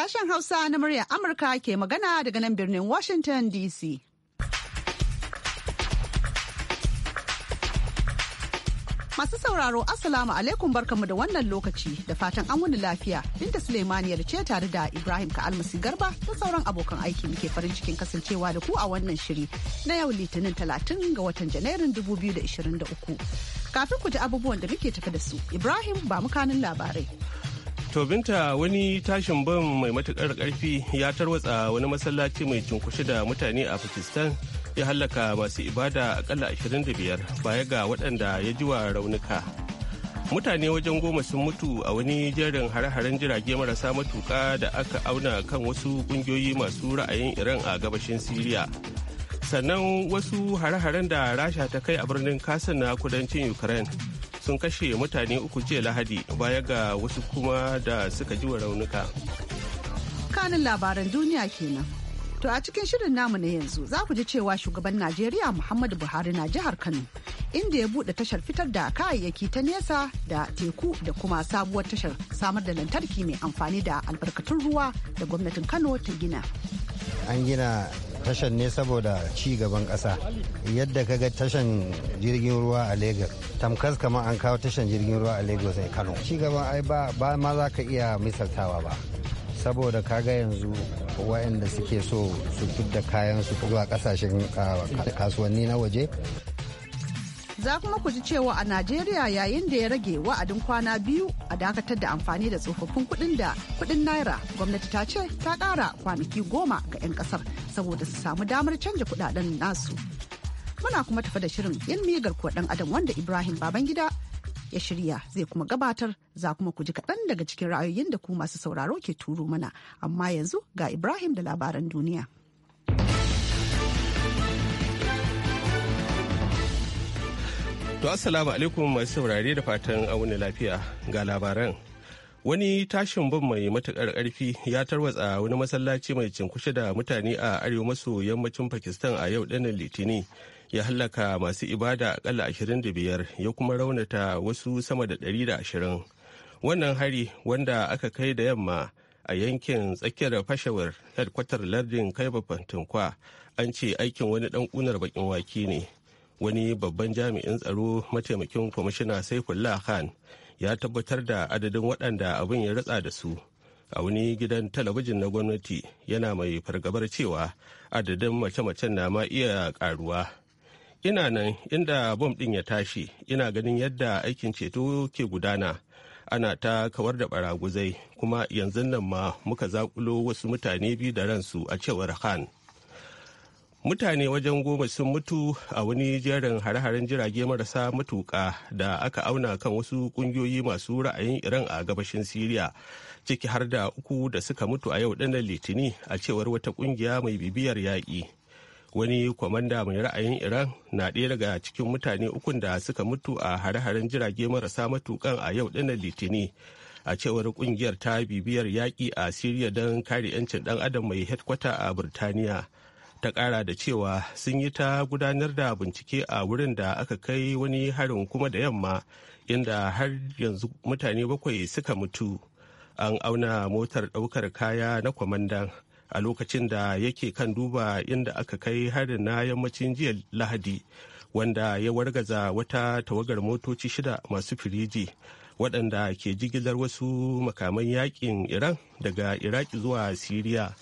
sashen Hausa na muryar Amurka ke magana daga nan birnin Washington DC. Masu sauraro Assalamu alaikum barkamu da wannan lokaci da fatan an wani lafiya Binta Suleimaniyar ce tare da Ibrahim ka Almasi Garba da sauran abokan aiki muke farin cikin kasancewa da ku a wannan shiri na yau Litinin Talatin ga watan Janairun 2023. Kafin ku ji abubuwan da muke tafi da su, Ibrahim ba mu kanin labarai. To binta wani tashin bam mai matukar karfi ya tarwatsa wani masallaci mai cunkushe da mutane a Pakistan ya hallaka masu ibada akalla 25 baya ga waɗanda ya ji wa raunuka. Mutane wajen goma sun mutu a wani jerin hare-haren jirage marasa matuka da aka auna kan wasu ƙungiyoyi masu ra'ayin Iran a gabashin Siriya. Sannan wasu hare-haren da Rasha ta kai a birnin Kasan na kudancin Ukraine. sun kashe mutane uku jiya lahadi baya ga wasu kuma da suka ji wa raunuka. kanin labaran duniya kenan. To a cikin shirin namu na yanzu za ku ji cewa shugaban Najeriya Muhammadu Buhari na jihar Kano inda ya bude tashar fitar da kayayyaki ta nesa da teku da kuma sabuwar tashar samar da lantarki mai amfani da albarkatun ruwa da gwamnatin Kano ta gina. An gina tashan ne saboda ci gaban ƙasa yadda ka ga tashan jirgin ruwa a lagos tamkas kamar an kawo tashan jirgin ruwa a lagos a kano ci gaban ai ba ma za ka iya misaltawa ba saboda kaga yanzu waɗanda suke so su fidda kayan su zuwa kasashen ah, kasuwanni na waje Za kuma ku ji cewa a Najeriya yayin da ya rage wa'adin kwana biyu a dakatar da amfani da tsofaffin kuɗin da kuɗin naira gwamnati ta ce ta kara kwanaki goma ga 'yan ƙasar saboda su samu damar canja kuɗaɗen nasu. Muna kuma tafi da shirin yan migar kuwa ɗan adam wanda Ibrahim Babangida ya shirya zai kuma gabatar za kuma ku ji kaɗan daga cikin ra'ayoyin da ku masu sauraro ke turo mana amma yanzu ga Ibrahim da labaran duniya. To assalamu alaikum masu saurare da fatan auni lafiya ga labaran. Wani tashin bin mai matukar karfi ya tarwatsa wani masallaci mai cinkushe da mutane a arewa maso yammacin Pakistan a yau ɗanin Litini ya hallaka masu ibada akalla biyar ya kuma raunata wasu sama da da ashirin Wannan hari wanda aka kai da yamma a yankin tsakiyar fashewar headquarter lardin kaiba Pantunkwa an ce aikin wani ɗan ƙunar bakin waki ne. wani babban jami'in tsaro mataimakin kwamishina sai saifullah khan ya tabbatar da adadin waɗanda abin ya ratsa da su a wani gidan talabijin na gwamnati yana mai fargabar cewa adadin mace-macen na ma iya karuwa ina nan inda bom ɗin ya tashi ina ganin yadda aikin ceto ke gudana ana ta kawar da baraguzai kuma yanzu nan ma muka zaƙulo wasu mutane biyu da ransu a cewar khan mutane wajen goma sun mutu a wani jerin hare-haren jirage marasa matuka da aka auna kan wasu kungiyoyi masu ra'ayin iran a gabashin siriya ciki har da uku da suka mutu a yau ɗanar litini a cewar wata kungiya mai bibiyar yaƙi wani kwamanda mai ra'ayin iran na ɗaya daga cikin mutane ukun da suka mutu a hare-haren jirage marasa matukan a yau ɗanar litini a cewar kungiyar ta bibiyar yaƙi a siriya don kare 'yancin ɗan adam mai hedkwata a burtaniya ta kara da cewa sun yi ta gudanar da bincike a wurin da aka kai wani harin kuma da yamma inda har yanzu mutane bakwai suka mutu an auna motar daukar kaya na kwamandan a lokacin da yake kan duba inda aka kai harin na yammacin jiya lahadi wanda ya wargaza wata tawagar motoci shida masu firiji waɗanda ke jigilar wasu makaman yakin iran daga iraki zuwa siriya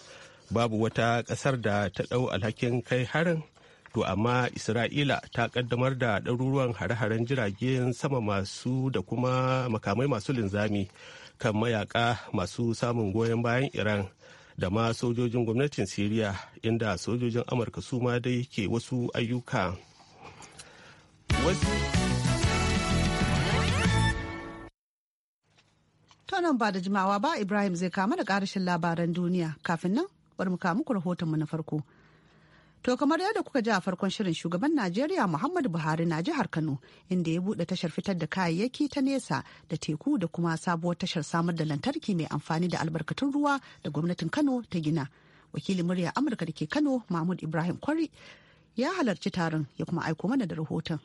babu wata ƙasar da ta ɗau alhakin kai harin to amma isra'ila ta ƙaddamar da ɗaruruwan hare-haren jiragen sama masu da kuma makamai masu linzami kan mayaka masu samun goyon bayan iran da ma sojojin gwamnatin siriya inda sojojin amurka su ma dai ke wasu ayyuka nan ba da jimawa ba ibrahim zai kama da karashin labaran duniya kafin nan bari mu kawo muku mu na farko. To kamar yadda kuka ji a farkon shirin shugaban Najeriya Muhammadu Buhari na jihar Kano inda ya bude tashar fitar da kayayyaki ta nesa da teku da kuma sabuwar tashar samar da lantarki mai amfani da albarkatun ruwa da gwamnatin Kano ta gina. Wakilin murya Amurka da ke Kano Mahmud Ibrahim Kwari ya halarci taron ya kuma aiko mana da rahoton.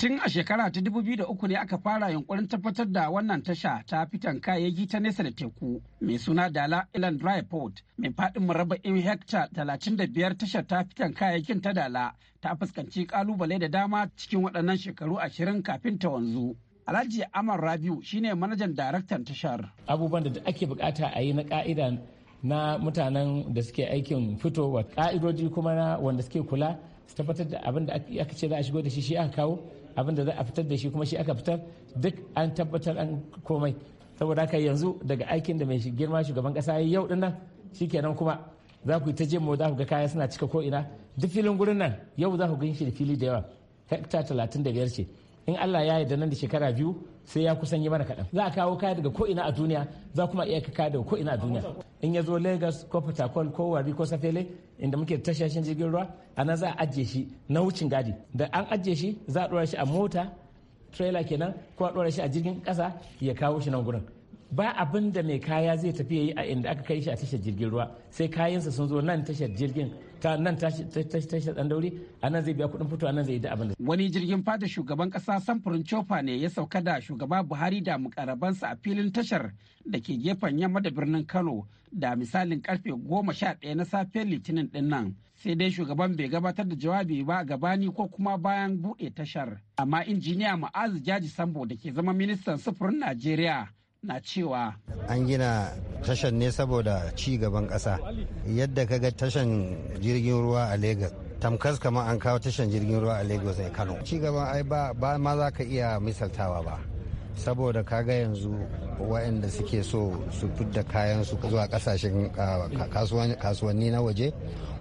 Tun a shekara ta 2003 ne aka fara yunkurin tabbatar da wannan tasha ta fitan kayayyaki ta nesa da teku mai suna Dala Island Dry Port mai faɗin murabba'in hekta 35 tashar ta fitan kayayyakin ta Dala ta fuskanci kalubale da dama cikin waɗannan shekaru 20 kafin ta wanzu. Alhaji Amar Rabiu shine manajan daraktan tashar. Abubuwan da ake bukata a yi na ka'ida na mutanen da suke aikin fitowa ka'idoji kuma na wanda suke kula su tabbatar da abin da aka ce za a shigo da shi shi aka kawo abin da za a fitar da shi kuma shi aka fitar duk an tabbatar an komai saboda haka yanzu daga aikin da mai girma shugaban kasa ya yau dinnan shikenan kuma za ku yi ta jin mu za ku ga kaya suna cika ko ina duk filin gurin nan yau za ku gan shi da fili da yawa hekta talatin da biyar ce in Allah ya yarda nan da shekara biyu sai ya kusan yi mana kaɗan za a kawo kaya daga ko'ina a duniya za kuma iya kaya daga ko'ina a duniya in ya zo lagos ko port ko wari ko safele inda muke tashashin jirgin ruwa a za a ajiye shi na wucin gadi da an ajiye shi za a ɗora shi a mota trailer kenan ko a ɗora shi a jirgin ƙasa ya kawo shi nan gurin ba abin da mai kaya zai tafi yayi a inda aka kai shi a tashar jirgin ruwa sai kayansa sun zo nan tashar jirgin ka nan ta dan daure a zai biya kuɗin fito a zai yi da abin wani jirgin fada shugaban ƙasa samfurin cofa ne ya sauka da shugaba buhari da mukarabansa a filin tashar da ke gefen yamma da birnin kano da misalin karfe goma sha ɗaya na safe litinin ɗin nan sai dai shugaban bai gabatar da jawabi ba gabani ko kuma bayan buɗe tashar amma injiniya ma'azu jaji sambo da ke zama ministan sufurin najeriya na cewa an gina tashan ne saboda ci gaban ƙasa yadda ka ga tashan jirgin ruwa a lagos tamkas kamar an kawo tashan jirgin ruwa a lagos ne kano ci gaban ai ba, ba ma za ka iya misaltawa ba saboda ka ga yanzu waɗanda suke so su fidda kayan su zuwa kasashen ah, kasuwanni na waje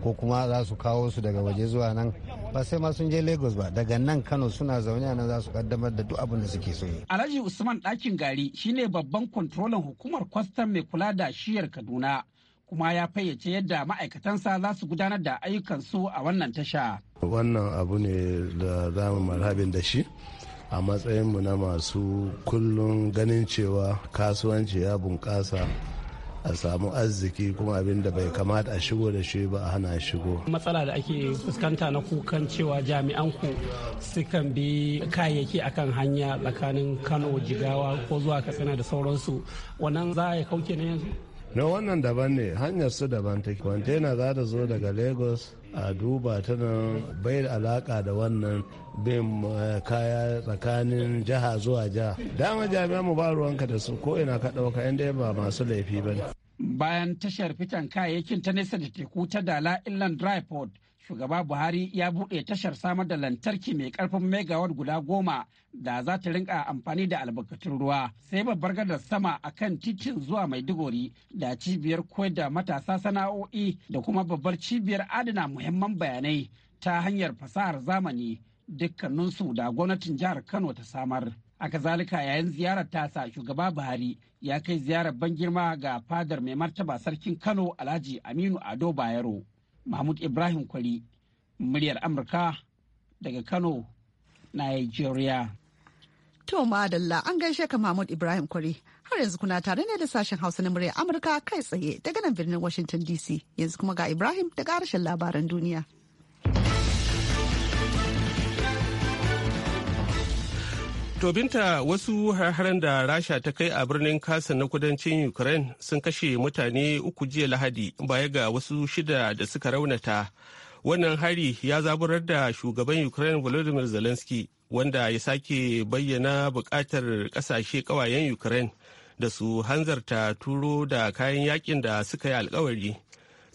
ko kuma za su kawo su daga waje zuwa nan ba sai ma sun je lagos ba daga nan kano suna zaune a nan za su kaddamar da duk abin da suke so yi alhaji usman ɗakin gari shine babban kwantrolan hukumar kwastam mai kula da shiyar kaduna kuma ya fayyace yadda ma'aikatansa za su gudanar da ayyukansu a wannan tasha wannan abu ne da za mu marhabin da shi a matsayinmu na masu kullum ganin cewa kasuwanci ya bunƙasa a samu arziki kuma abin da bai kamata a shigo da shi ba a hana shigo matsala da ake fuskanta na kukan cewa jami'an ku sukan bi kayayyaki akan hanya tsakanin kano jigawa ko zuwa katsina da sauransu wannan za a kauke ne yanzu no wannan daban ne hanyar su daban take kwantena za ta zo daga lagos a duba ta nan bai alaka da wannan bin eh, kaya tsakanin jiha zuwa jiha dama jami'an mu ba ruwanka da su ko ina ka ɗauka inda ba masu laifi ba ne. bayan tashar fitan kayayyakin ta nesa da teku ta dala inland dry shugaba buhari ya buɗe tashar samar da lantarki mai ƙarfin megawar guda goma da za ta rinka amfani da albarkatun ruwa sai babbar gadar sama a kan titin zuwa maiduguri da cibiyar koyar da matasa sana'o'i da kuma babbar cibiyar adana muhimman bayanai ta hanyar fasahar zamani dukkaninsu da gwamnatin jihar kano ta samar a kazalika yayin ziyarar tasa shugaba buhari ya kai ziyarar ban girma ga fadar mai martaba sarkin kano alhaji aminu ado bayero mahmud ibrahim kwari muryar amurka daga kano nigeria to madalla an gaishe ka mahmud ibrahim kwari har yanzu kuna tare ne da sashen hausa na muryar amurka kai tsaye daga nan birnin washington dc yanzu kuma ga ibrahim da harshen labaran duniya To binta wasu harharen da Rasha ta kai a birnin kasa na kudancin Ukraine sun kashe mutane uku jiya Lahadi baya ga wasu shida da suka raunata. Wannan hari ya zaburar da shugaban Ukraine Volodymyr Zelensky wanda ya sake bayyana bukatar kasashe kawayen Ukraine da su hanzarta turo da kayan yakin da suka yi alkawari.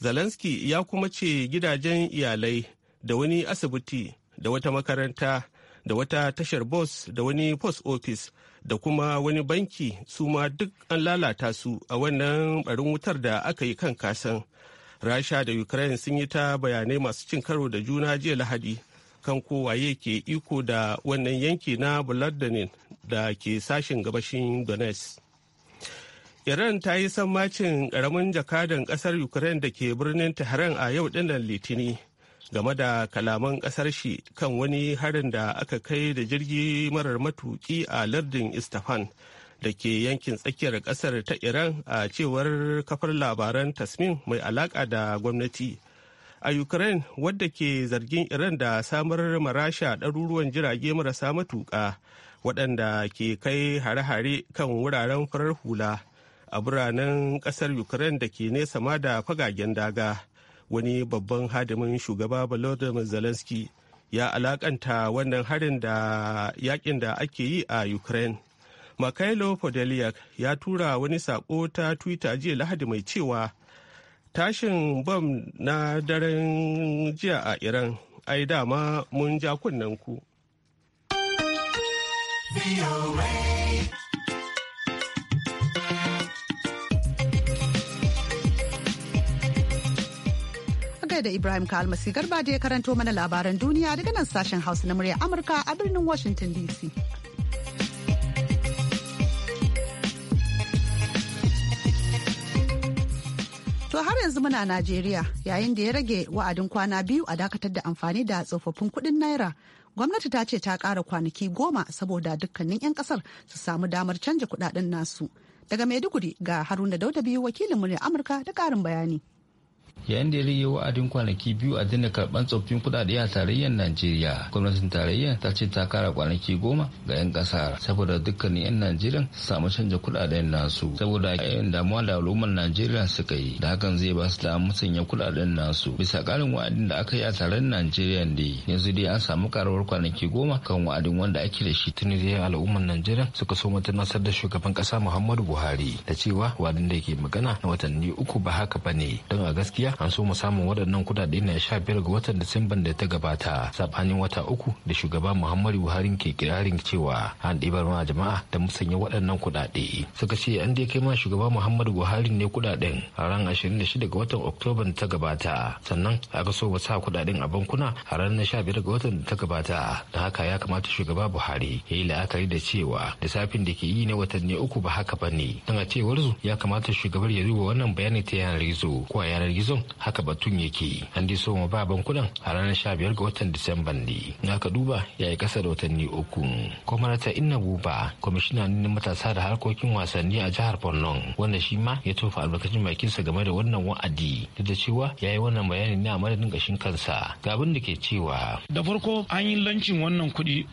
Zelensky ya kuma ce gidajen iyalai da wani asibiti da wata makaranta da wata tashar bus da wani post office da kuma wani banki su ma duk an lalata su a wannan barin wutar da aka yi kan kasan rasha da ukraine sun yi ta bayanai masu cin karo da juna jiya lahadi kan kowaye ke iko da wannan yanki na bladenin da ke sashen gabashin donetsk iran ta yi sammacin karamin jakadan ƙasar ukraine da ke birnin tehran a yau dinnan litini game da kalaman kasar shi kan wani harin da aka kai da jirgi marar matuki a lardin istafan da ke yankin tsakiyar kasar ta iran a cewar kafar labaran tasmin mai alaka da gwamnati a ukraine wadda ke zargin iran da samar marasha ɗaruruwan jirage marasa matuka waɗanda ke kai hare-hare kan wuraren farar hula a biranen ƙasar ukraine da ke nesa ma da fagagen daga wani babban hadimin shugaba volodymyr zelensky ya alakanta wannan harin da yakin da ake yi a ukraine Makailo Podeliak ya tura wani sako ta Twitter jiya Lahadi mai cewa tashin bam na daren jiya a Iran ai dama mun ja kunnen ku. da Ibrahim Kalmasi Garba da ya karanto mana labaran duniya daga nan sashen Hausa na murya Amurka a birnin Washington DC. To har yanzu muna Najeriya yayin da ya rage wa'adin kwana biyu a dakatar da amfani da tsofaffin kuɗin naira. Gwamnati ta ce ta ƙara kwanaki goma saboda dukkanin 'yan kasar su samu damar canja kudaden nasu. Daga Maiduguri ga Haruna Dauda biyu wakilin murya Amurka da karin bayani. yayin da ya rage wa'adin kwanaki biyu a daina karban tsoffin kuɗaɗe a tarayyar najeriya gwamnatin tarayyar ta ce ta kara kwanaki goma ga 'yan kasa saboda dukkanin 'yan najeriya su samu canja kuɗaɗen nasu saboda yayin damuwa da al'ummar najeriya suka yi da hakan zai ba su da musanya kuɗaɗen nasu bisa ƙarin wa'adin da aka yi a tarayyar najeriya ne yanzu dai an samu karuwar kwanaki goma kan wa'adin wanda ake da shi tuni da al'ummar najeriya suka so mata nasar da shugaban ƙasa muhammadu buhari da cewa wa'adin da ke magana na watanni uku ba haka ba ne don a gaskiya gaskiya an so mu samu waɗannan kuɗaɗe na sha biyar ga watan Disamban da ta gabata sabanin wata uku da shugaba Muhammadu Buhari ke kirarin cewa an ɗibar ma jama'a da musanya waɗannan kuɗaɗe. Suka ce an dai kai ma shugaba Muhammadu Buhari ne kuɗaɗen a ran 26 ga watan Oktoba ta gabata sannan aka so sa kuɗaɗen a bankuna a ran biyar ga watan da ta gabata da haka ya kamata shugaba Buhari ya yi la'akari da cewa da safin da ke yi na watanni uku ba haka ba ne. Dan a cewar su ya kamata shugabar ya duba wannan bayani ta yanar gizo ko a yanar gizo yanzu haka batun yake yi an ba bankunan a ranar 15 ga watan disamban ne na ka duba ya yi kasa da watanni uku kwamarata inna buba kwamishina ne matasa da harkokin wasanni a jihar borno wanda shi ma ya tofa albarkacin bakinsa game da wannan wa'adi duk da cewa ya yi wannan bayani ne a madadin kashin kansa ga abin da ke cewa da farko an yi lancin wannan kuɗi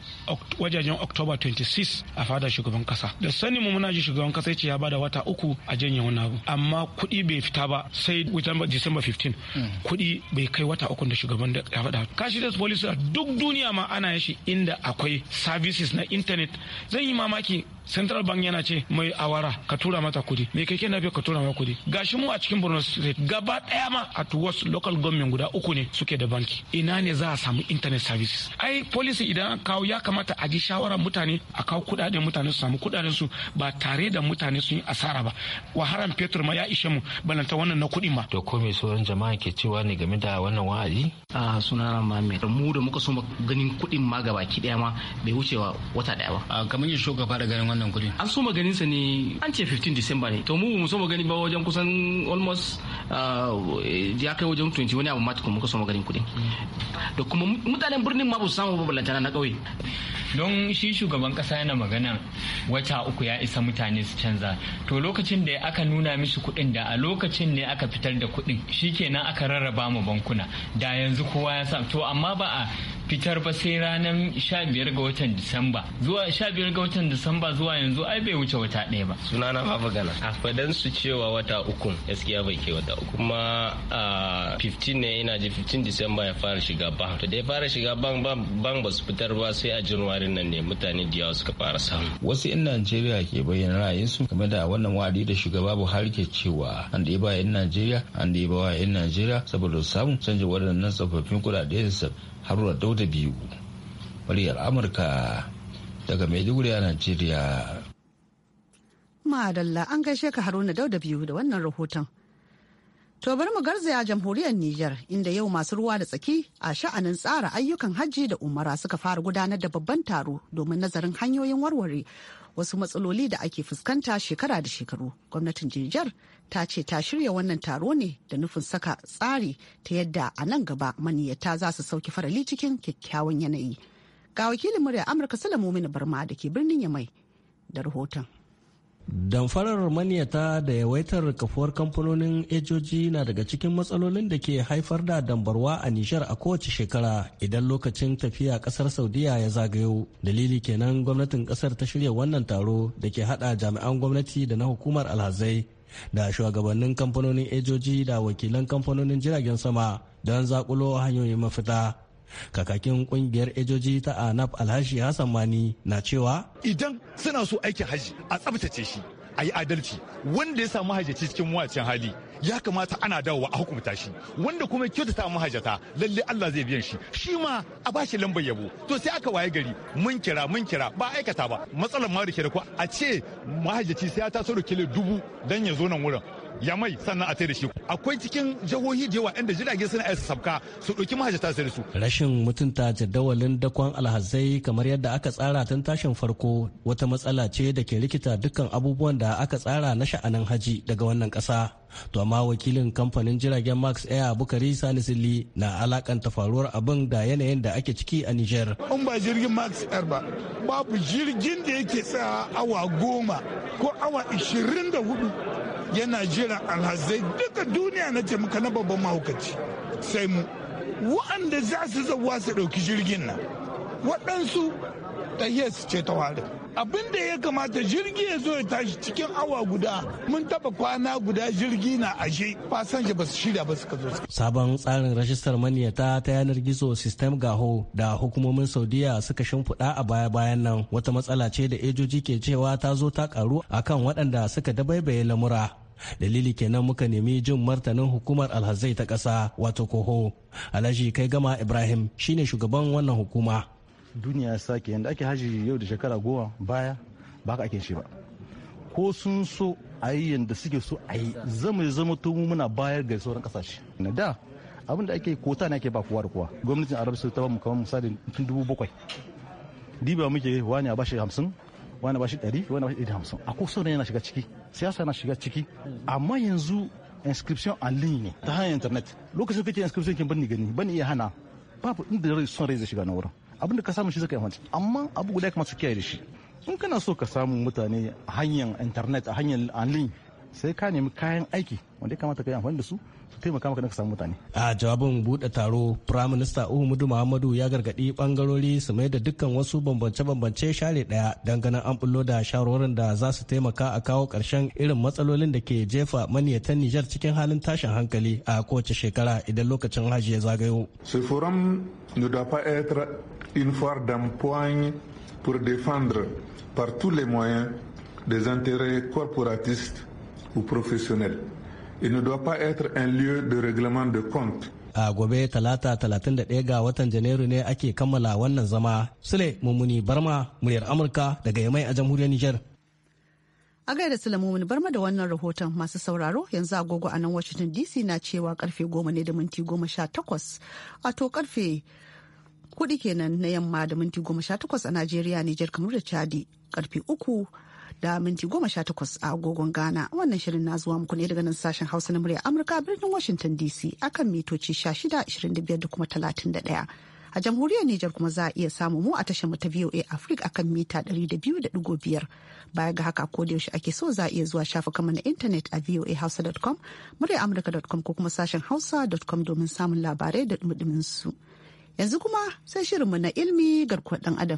wajajen october 26 a fadar shugaban kasa da sani mu muna ji shugaban kasa ya ce ya bada wata uku a janye wani abu amma kuɗi bai fita ba sai wutan December 15 kuɗi bai kai wata uku da shugaban da ya faɗa Kashi da police duk duniya ma ana yashi inda akwai services na internet zan yi mamaki central bank yana ce mai awara ka tura mata kudi mai keke na ka tura mata kudi gashi mu a cikin borno state gaba daya ma a tuwas local government guda uku ne suke da banki ina ne za a samu internet services ai policy idan an kawo ya kamata a ji shawara mutane a kawo kudaden mutane su samu kudaden su ba tare da mutane sun yi asara ba waharan fetur ma ya ishe mu balanta wannan na kudi ma to ko me sauran jama'a ke cewa ne game da wannan wa'azi a sunana mamed mu da muka so ganin kudin ma gaba ki daya ma bai wucewa wata daya ba kamar yin shugaba da ganin wannan kudin an so maganin sa ne an ce 15 December ne to mu mu so magani ba wajen kusan almost ah, ya kai wajen 20 wani abu ma tukun muka so maganin kudin mm. da kuma mutanen birnin ma ba su samu ba ballantana na kauye don shi shugaban kasa yana magana wata uku ya isa mutane su canza to lokacin da aka nuna mishi kuɗin da a lokacin ne aka fitar da kuɗin shikenan aka rarraba mu bankuna da yanzu kowa ya sa to amma ba a fitar ba sai ranar 15 ga watan Disamba zuwa 15 ga watan Disamba zuwa yanzu ai bai wuce wata ɗaya ba sunana ma gana a fadan su cewa wata uku gaskiya bai ke wata uku kuma 15 ne ina ji 15 Disamba ya fara shiga bank to da ya fara shiga bank bank ba su fitar ba sai a jinwa labarin nan ne mutane da yawa suka fara samu wasu 'yan najeriya ke bayyana ra'ayinsu game da wannan wa'adi da shugaba buhari ke cewa an da ba 'yan najeriya an da ba 'yan najeriya saboda samun canja waɗannan tsofaffin kuɗaɗe da haruna dauda biyu muryar amurka daga maiduguri a najeriya madalla an gaishe ka haruna dauda biyu da wannan rahoton To bari mu garzaya jamhuriyar Nijar inda yau masu ruwa da tsaki a sha'anin tsara ayyukan hajji da umara suka fara gudanar da babban taro domin nazarin hanyoyin warware wasu matsaloli da ake fuskanta shekara da shekaru. Gwamnatin Nijar ta ce ta shirya wannan taro ne da nufin saka tsari ta yadda a nan gaba maniyyata za su sauki farali cikin kyakkyawan yanayi. Ga wakilin murya Amurka Salamu Barma da ke birnin Yamai da rahoton. damfarar maniyata da yawaitar kafuwar kamfanonin ejoji na daga cikin matsalolin da ke haifar da dambarwa a nishar a kowace shekara idan lokacin tafiya kasar saudiya ya zagayo dalili kenan gwamnatin kasar ta shirya wannan taro da ke hada jami'an gwamnati da na hukumar alhazai da shugabannin kamfanonin ejoji da wakilan kamfanonin jiragen sama don zakulo hanyoyin mafita kakakin kungiyar ejoji ta anap alhashi hassan mani na cewa idan suna so aikin haji a tsabtace shi a yi adalci wanda ya samu hajjaci cikin wacin hali ya kamata ana dawowa a hukumta shi wanda kuma ya ta mahajjata lalle Allah zai biyan shi shi ma a bashi lambar yabo to sai aka waye gari mun kira mun kira ba aikata ba matsalar ma da ke da a ce mahajjaci sai ya taso da kilo dubu dan ya zo nan wurin ya mai sannan a da shi akwai cikin jihohi da yawa inda jirage suna aisa sabka su ɗauki mahajjata su su rashin mutunta jadawalin dakon alhazai kamar yadda aka tsara tun tashin farko wata matsala ce da ke rikita dukkan abubuwan da aka tsara na sha'anin haji daga wannan kasa to amma wakilin kamfanin jiragen max air bukari sani na alakanta faruwar abin da yanayin da ake ciki a niger in ba jirgin max air ba babu jirgin da yake tsaya awa goma ko awa ishirin da yana jira alhazai duka duniya na ce na babban mahaukaci sai mu wa'anda za su zauwa su ɗauki jirgin nan waɗansu tahiyar su ce ta wari abin da ya kamata jirgi ya zo ya tashi cikin awa guda mun taba kwana guda jirgi na ashe fasan ba su shirya ba su ka zo sabon tsarin rajistar maniyata ta yanar gizo system gaho da hukumomin saudiya suka shimfiɗa a baya bayan nan wata matsala ce da ejoji ke cewa ta zo ta karu akan waɗanda suka dabaibaye lamura dalili kenan muka nemi jin martanin hukumar alhazai ta ƙasa wato koho alhaji kai gama ibrahim shine shugaban wannan hukuma duniya ya sake yadda ake haji yau da shekara goma baya ba ka ake shi ba ko sun so a yi yadda suke so a yi zama ya zama tumu muna bayar ga sauran kasashe na da abin da ake kota ne ake ba kowa da kowa gwamnatin arab ta ba mu kamar misali tun dubu bakwai diba muke wani a bashi hamsin wani bashi ɗari wani bashi ɗari hamsin a kusa yana shiga ciki siyasa yana shiga ciki amma yanzu inscription en ligne ne ta hanyar internet lokacin kake inscription kin bani gani bani iya hana babu inda rai son rai zai shiga na wurin abin da ka samu shi zaka yi hanci amma abu guda kamar su kiyaye da shi in kana so ka samu mutane a hanyar internet a hanyar online sai ka nemi kayan aiki wanda ya kamata ka yi amfani da su taimaka maka ka samu mutane a jawabin bude taro prime minister Uhumudu Muhammadu ya gargadi bangarori su mai da dukkan wasu bambance-bambance share daya ganin an bullo da shawarorin da za su taimaka a kawo karshen irin matsalolin da ke jefa maniyatan Nijar cikin halin tashin hankali a kowace shekara idan lokacin hajji ya zagayo. Ce forum ne doit pas être une foire d'empoigne pour défendre par tous les moyens des intérêts corporatistes ou professionnels. il ne doit pas être un lieu de règlement de compte. A gobe talata talatin da ɗaya ga watan Janairu ne ake kammala wannan zama. Sule Mummuni Barma, muryar Amurka daga Yamai a jamhuriyar Nijar. A gaida Sule Mummuni Barma da wannan rahoton masu sauraro yanzu agogo a nan Washington DC na cewa karfe goma ne da minti goma sha takwas. Wato karfe kuɗi kenan na yamma da minti goma sha takwas a Najeriya, Nijar kamar da Chadi. Karfe uku da minti goma sha takwas a agogon Ghana. Wannan shirin na zuwa muku ne daga nan sashen Hausa na murya Amurka birnin Washington DC akan mitoci shida ashirin da kuma talatin da ɗaya A jamhuriyar Nijar kuma za a iya samu mu a tashar ta VOA Africa akan mita da da biyu 200.5. Baya ga haka ko da yaushe ake so za a iya zuwa shafukanmu na intanet a hausa voahausa.com, muryaamurka.com ko kuma sashen hausa.com domin samun labarai da dumudumin su. Yanzu kuma sai shirinmu na ilmi garkuwar dan adam.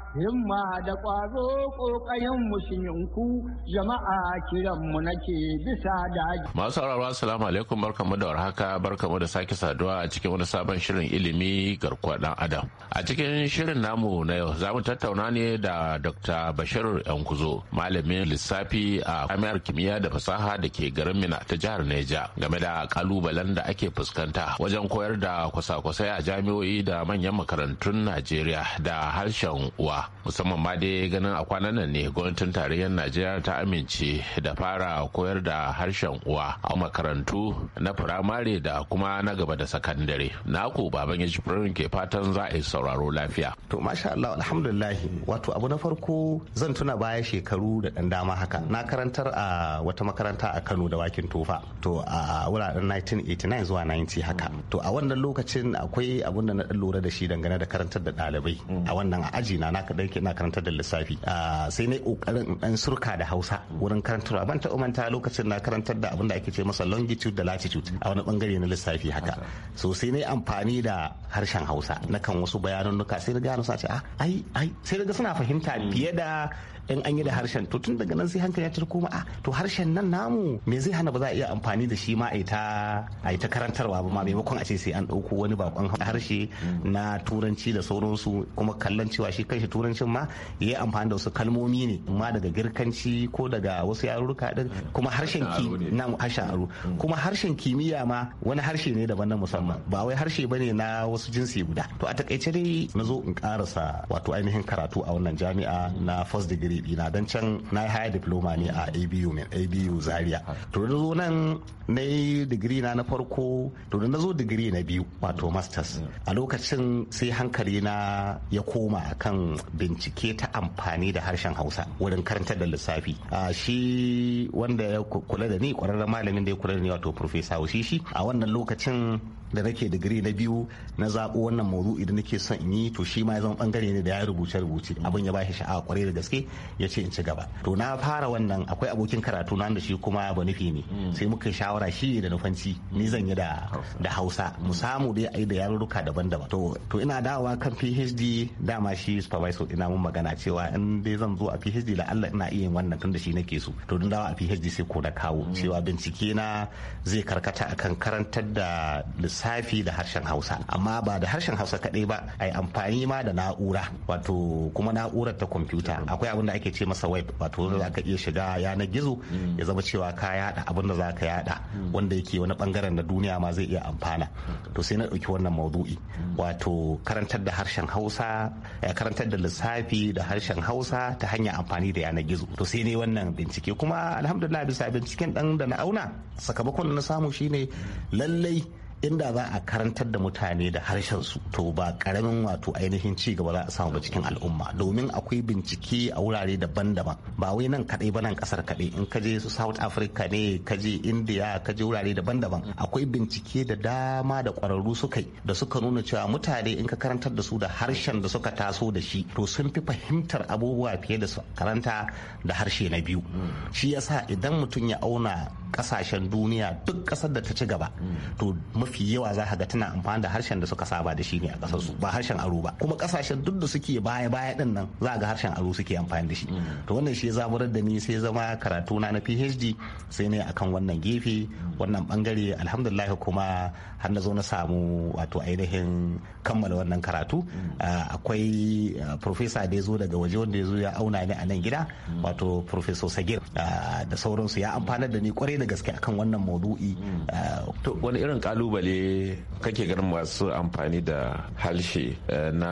himma da ƙwazo ƙoƙayen musulminku jama'a kiranmu nake bisa daji. Masu sauraro assalamu alaikum barkamu da warhaka barkamu da sake saduwa a cikin wani sabon shirin ilimi garkuwa ɗan adam. A cikin shirin namu na yau za mu tattauna ne da Dr. Bashir Yankuzo malamin lissafi a jami'ar kimiyya da fasaha da ke garin Mina ta jihar Neja game da kalubalen da ake fuskanta wajen koyar da kwasa-kwasai a jami'o'i da manyan makarantun Najeriya da harshen uwa. musamman ma dai ganin a kwanan nan ne gwamnatin tarayyar najeriya ta amince da fara koyar da harshen uwa a makarantu na firamare da kuma na gaba da sakandare naku baban ya ke fatan za a yi sauraro lafiya to masha Allah alhamdulillah wato abu na farko zan tuna baya shekaru da dan dama haka na karantar a wata makaranta a Kano da wakin tofa to a wuraren 1989 zuwa 90 haka to a wannan lokacin akwai abun da na lura da shi dangane da karantar da ɗalibai a wannan aji na na kaɗai ke na karantar da lissafi ah, sai na kokarin ɗan surka da hausa wurin karantarwa ban taɓa manta lokacin na karantar da abin da ake ce masa longitude da latitude a wani bangare na lissafi haka so sai na amfani da harshen hausa na kan wasu bayanan nuka sai na gano sace ce ah, ai ai sai daga suna fahimta fiye da in an yi da harshen to tun daga nan sai hankali ya tar koma a ah, to harshen nan namu me zai hana ba za a iya amfani da shi ma a ta a ta karantarwa ba ma maimakon a ce sai an ɗauko wani bakon harshe na turanci da sauransu kuma kallon cewa shi kanshi turancin ma ya yi amfani da wasu kalmomi ne ma daga girkanci ko daga wasu yarurruka din kuma harshen ki na harshen aro kuma harshen kimiyya ma wani harshe ne daban na musamman ba wai harshe bane na wasu jinsi guda to a takaice dai na zo in karasa wato ainihin karatu a wannan jami'a na first degree digiri don can na haya diploma ne a abu min abu zaria to da zo nan na yi digiri na na farko to da na zo digiri na biyu wato masters a lokacin sai hankali na ya koma kan bincike ta amfani da harshen hausa wurin karantar da lissafi a shi wanda ya kula da ni kwararren malamin da ya kula da ni wato profesa shi a wannan lokacin da nake digiri na biyu na zaɓo wannan mawuzu idan nake son in yi to shi ma ya zama bangare ne da ya rubuce rubuce abin ya bashi sha'awa kwarai da gaske ya ce in ci gaba to na fara wannan akwai abokin karatu na da shi kuma ba nufi ne hmm. sai muka yi shawara shi da nufanci ni zan yi da hausa mu samu dai a yi da yarurruka daban-daban to ina dawowa kan phd dama shi supervisor ina mun magana cewa in dai zan zo a phd da allah ina iya yin wannan tun da shi nake so to don dawa a phd sai ko na kawo hmm. cewa bincike na zai karkata akan karantar da lissafi da harshen hausa amma ba da harshen hausa kaɗai ba a yi amfani ma da na'ura wato kuma na'urar ta kwamfuta akwai abin da ake ce masa web wato wanda ka iya shiga yanar gizo mm. ya zama cewa ka yada abin da ka yada mm. wanda yake wani bangaren na duniya ma zai iya amfana mm. to sai na dauki wannan maudu'i wato karantar da harshen Hausa ya karantar da lissafi da harshen Hausa ta hanyar amfani da yanar gizo to sai ne wannan bincike kuma alhamdulillah bisa binciken dan da na auna sakamakon da na samu shine lallai inda za a karantar da mutane da harshen su to ba karamin wato ainihin ci gaba za a samu cikin al'umma domin akwai bincike a wurare daban-daban ba wai nan kadai ba nan kasar kadai in ka je South Africa ne ka je India ka je wurare daban-daban akwai bincike da dama da kwararru suka yi da suka nuna cewa mutane in ka karantar da su da harshen da suka taso da shi to sun fi fahimtar abubuwa fiye da su karanta da harshe na biyu shi yasa idan mutum ya auna kasashen duniya duk kasar da ta ci gaba to mafi yawa za ka ga tana amfani da harshen da suka saba da shi ne a kasar su ba harshen aro ba kuma kasashen duk da suke baya baya din nan za ga harshen aro suke amfani da shi to wannan shi ya zama da ni sai zama karatu na na PhD sai ne akan wannan gefe wannan bangare alhamdulillah kuma har na zo na samu wato ainihin kammala wannan karatu mm. ah, akwai ah, profesa da ya zo daga waje wanda ya zo ya auna ni a nan gida mm. wato professor sagir ah, da sauransu ya amfana da ni kwarai da gaske akan wannan maudu'i mm. to wani irin kalubale kake ganin masu amfani da harshe eh, na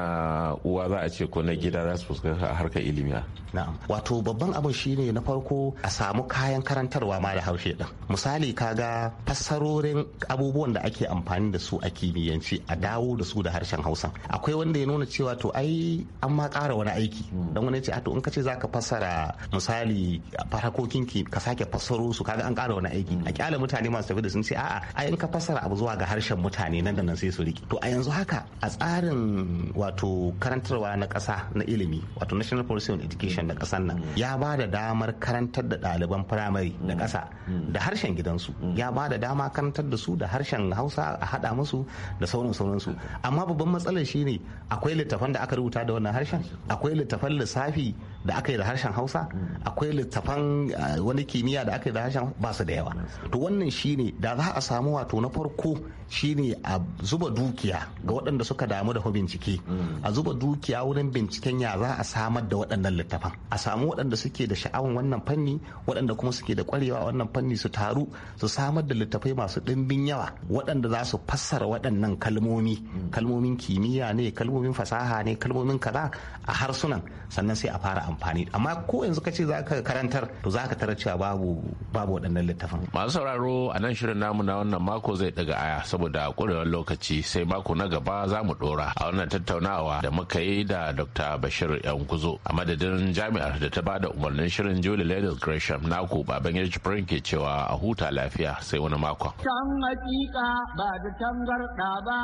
uwa za a ce ko na gida za su fuskanta harkar ilimi na'am wato babban abin shine na farko a samu kayan karantarwa ma da harshe din misali kaga fassarorin abubuwan da ake amfani da su a kimiyyance a dawo da su da harshen hausa akwai wanda ya nuna cewa to ai an ma ƙara wani aiki don wani ce to in ka ce zaka fassara misali farakokin ki ka sake fassaro su kaga an kara wani aiki a kyala mutane masu tafi da sun ce a'a ai in ka fassara abu zuwa ga harshen mutane nan da nan sai su riki to a yanzu haka a tsarin wato karantarwa na ƙasa na ilimi wato national policy on education da ƙasar nan ya ba da damar karantar da ɗaliban firamare da kasa da harshen gidansu ya ba da dama karantar da su da harshen hausa a haɗa musu da sauran sauransu amma babban matsalar shine akwai littafan da aka rubuta da wannan harshen akwai littafan lissafi da aka yi da harshen hausa akwai littafan ah, wani kimiyya da aka yi da harshen ba su da yawa to wannan shine da za a samu wato na farko shine a zuba dukiya ga waɗanda suka damu da bincike mm. a zuba dukiya wurin binciken ya za a samar da waɗannan littafan a samu waɗanda suke da sha'awan wannan fanni waɗanda kuma suke da kwarewa wannan fanni su taru su samar da littafai masu ɗimbin yawa waɗanda za su fassara waɗannan kalmomi mm. kalmomin kimiyya ne kalmomin fasaha ne kalmomin kaza a harsunan sannan sai a fara amfani amfani amma ko yanzu ka ce za ka karantar to za ka tarar cewa babu babu waɗannan littafin masu sauraro a nan shirin namu na wannan mako zai daga aya saboda ƙwarewar lokaci sai mako na gaba za mu ɗora a wannan tattaunawa da muka yi da dr bashir yan guzo. a madadin jami'ar da ta bada umarnin shirin julie ladies gresham naku baban ya jibrin ke cewa a huta lafiya sai wani makon. can hakika ba da tangarɗa ba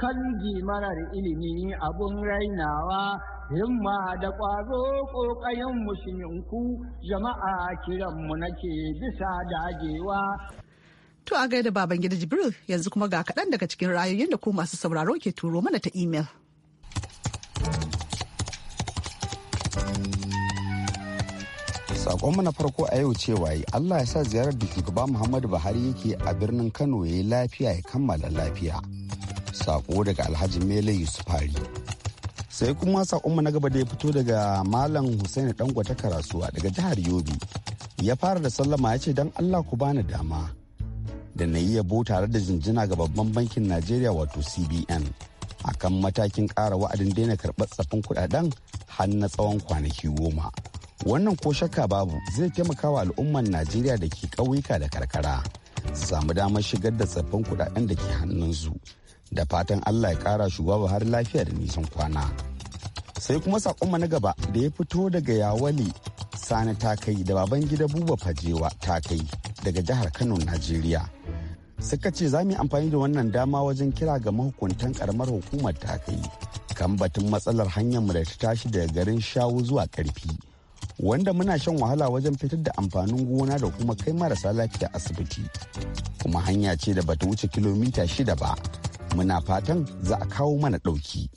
kanji marar ilimi abun rainawa himma da ƙwazo ƙoƙayen musulminku jama'a kiranmu nake bisa dajewa. To a gaida baban gida Jibril yanzu kuma ga kaɗan daga cikin ra'ayoyin da ku masu sauraro ke turo mana ta imel. Sakon na farko a yau cewa Allah ya sa ziyarar da shugaba Muhammadu Buhari yake a birnin Kano ya yi lafiya ya kammala lafiya. sako daga alhaji mele yusuf hari sai kuma sakonmu na gaba da ya fito daga malam husaini dangwata karasuwa daga jihar yobe ya fara da sallama ya ce don allah ku bani dama da na yi yabo tare da jinjina ga babban bankin najeriya wato cbn akan matakin kara wa'adin daina karɓar tsaffin kudaden har na tsawon kwanaki goma wannan ko shakka babu zai taimaka wa al'ummar najeriya da ke ƙauyuka da karkara su samu damar shigar da tsaffin kudaden da ke hannunsu da fatan allah ya kara shugaba har lafiya da nisan kwana sai kuma saƙonmu na gaba da ya fito daga yawali sani takai da baban gida buba fajewa takai daga jihar kano najeriya suka ce za mu yi amfani da wannan dama wajen kira ga mahukuntan karamar hukumar takai kan batun matsalar hanyar mu da ta tashi daga garin shawu zuwa karfi wanda muna shan wahala wajen fitar da amfanin gona da kuma kai marasa lafiya asibiti kuma hanya ce da bata wuce kilomita shida ba muna fatan za a kawo mana ɗauki.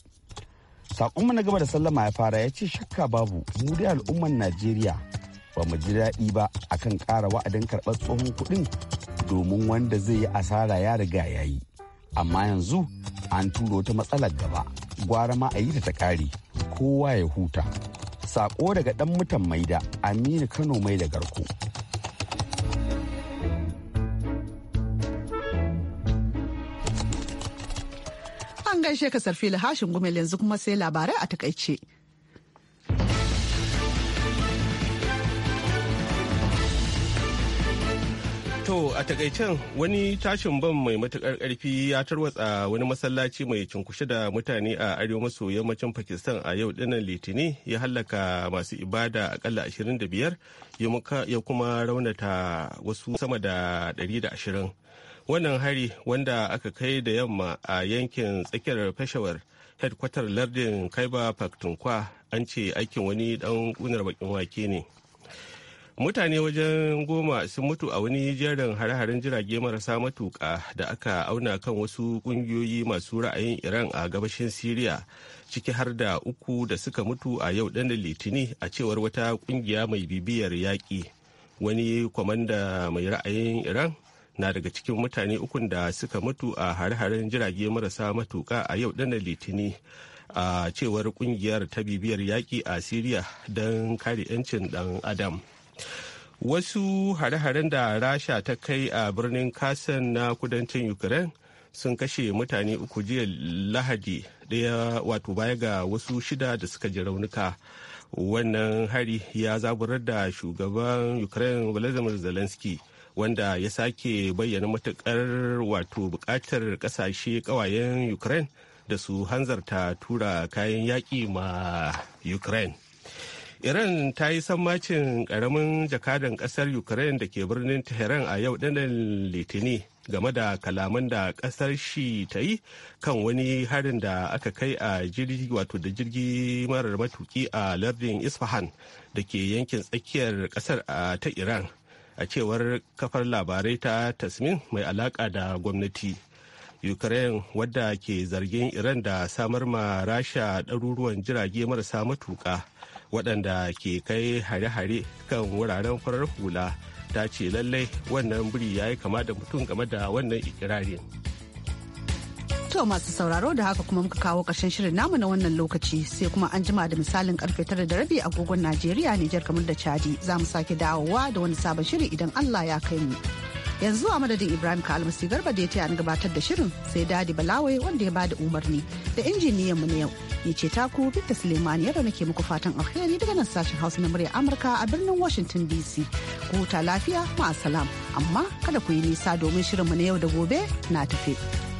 Saƙonmu na gaba da sallama ya fara ya ce shakka babu mu dai al'umman Najeriya ba mu ji daɗi ba akan ƙara wa'adin karɓar tsohon kuɗin domin wanda zai yi asara ya riga ya yi. Amma yanzu an turo ta matsalar gaba gwara ma a yi ta ƙare kowa ya huta. Saƙo daga ɗan mutan maida Aminu Kano mai da garko. gaishe ka sarfila hashin gumel yanzu kuma sai labarai a takaice. To a takaicen wani tashin ban mai matukar karfi ya tarwatsa wani masallaci mai cunkushe da mutane a arewa maso yammacin Pakistan a yau dinnan Litinin ya hallaka masu ibada akalla 25 ya kuma raunata wasu sama da 120. wannan hari wanda aka kai da yamma a yankin tsakiyar peshawar headquarter lardin kaiba paktunkwa an ce aikin wani dan kunar bakin wake ne mutane wajen goma sun mutu a wani jerin hare-haren jirage marasa matuka da aka auna kan wasu kungiyoyi masu ra'ayin iran a gabashin syria ciki har da uku da suka mutu a yau dan litini a cewar wata kungiya mai bibiyar yaƙi wani kwamanda mai ra'ayin iran na daga cikin mutane ukun da suka mutu a hare-haren jirage marasa matuka a yau dana litini a cewar kungiyar ta bibiyar yaƙi a siriya don kare 'yancin ɗan adam wasu hare-haren da rasha ta kai a birnin kasan na kudancin ukraine sun kashe mutane uku jiya lahadi daya wato baya ga wasu shida da suka ji raunuka wannan hari ya zaburar da shugaban ukraine volodymyr zelensky wanda ya sake bayyana matukar wato buƙatar ƙasashe ƙawayen ukraine da su hanzarta tura kayan yaƙi ma ukraine iran ta yi sammacin ƙaramin jakadan ƙasar ukraine da ke birnin tehran a yau ɗanin litini game da kalaman da ƙasar shi ta yi kan wani harin da aka kai a jirgi wato da jirgi marar matuki a lardin isfahan da ke yankin tsakiyar ƙasar ta iran a cewar kafar labarai ta tasmin mai alaka da gwamnati ukraine wadda ke zargin iran da samar ma rasha ɗaruruwan jirage marasa matuƙa waɗanda ke kai hare-hare kan wuraren farar hula ta ce lallai wannan biri ya yi kama da mutum game da wannan ikirarin. To masu sauraro da haka kuma muka kawo ƙarshen shirin namu na wannan lokaci sai kuma an jima da misalin karfe tara da rabi agogon Najeriya Nijar kamar da Chadi za mu sake dawowa da wani sabon shiri idan Allah ya kai mu. Yanzu a madadin Ibrahim ka almasi garba da ya taya ni gabatar da shirin sai dadi balawai wanda ya bada umarni da injiniyan mu na yau. Ni ce taku Bita Suleiman yadda nake muku fatan alheri daga nan sashen Hausa na murya Amurka a birnin Washington DC. Ku huta lafiya salam amma kada ku yi nisa domin shirin mu na yau da gobe na tafe.